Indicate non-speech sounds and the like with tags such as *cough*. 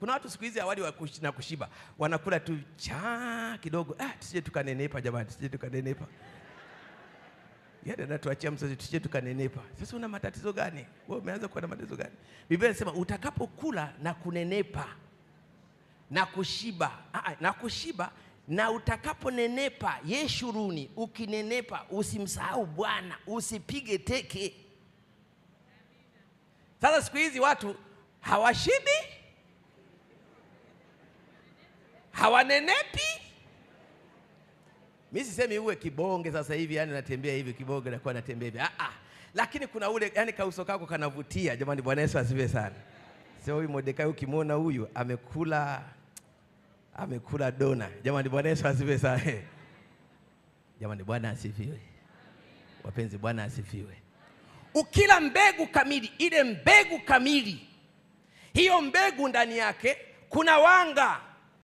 Kuna watu siku hizi awali na kushiba, wanakula tu cha kidogo. Ah, tusije tukanenepa jamani, tusije tukanenepa. Yeye anatuachia msozi, tusije tukanenepa. Sasa una matatizo gani wewe? Umeanza kuwa na matatizo gani? Biblia inasema utakapokula na kunenepa na kushiba, ah, ah na kushiba na utakaponenepa, yeshuruni, ukinenepa usimsahau Bwana, usipige teke. Sasa siku hizi watu hawashibi hawanenepi. Mimi sisemi uwe kibonge sasa hivi, yani natembea hivi kibonge, nakuwa natembea hivi ah, ah. Lakini kuna ule yani kauso kako kanavutia. Jamani, Bwana Yesu asifiwe sana. Sio huyu Mordekai, ukimwona huyu amekula amekula dona. Jamani, Bwana Yesu asifiwe sana. *laughs* Jamani, Bwana asifiwe. Wapenzi, Bwana asifiwe. Ukila mbegu kamili, ile mbegu kamili, hiyo mbegu ndani yake kuna wanga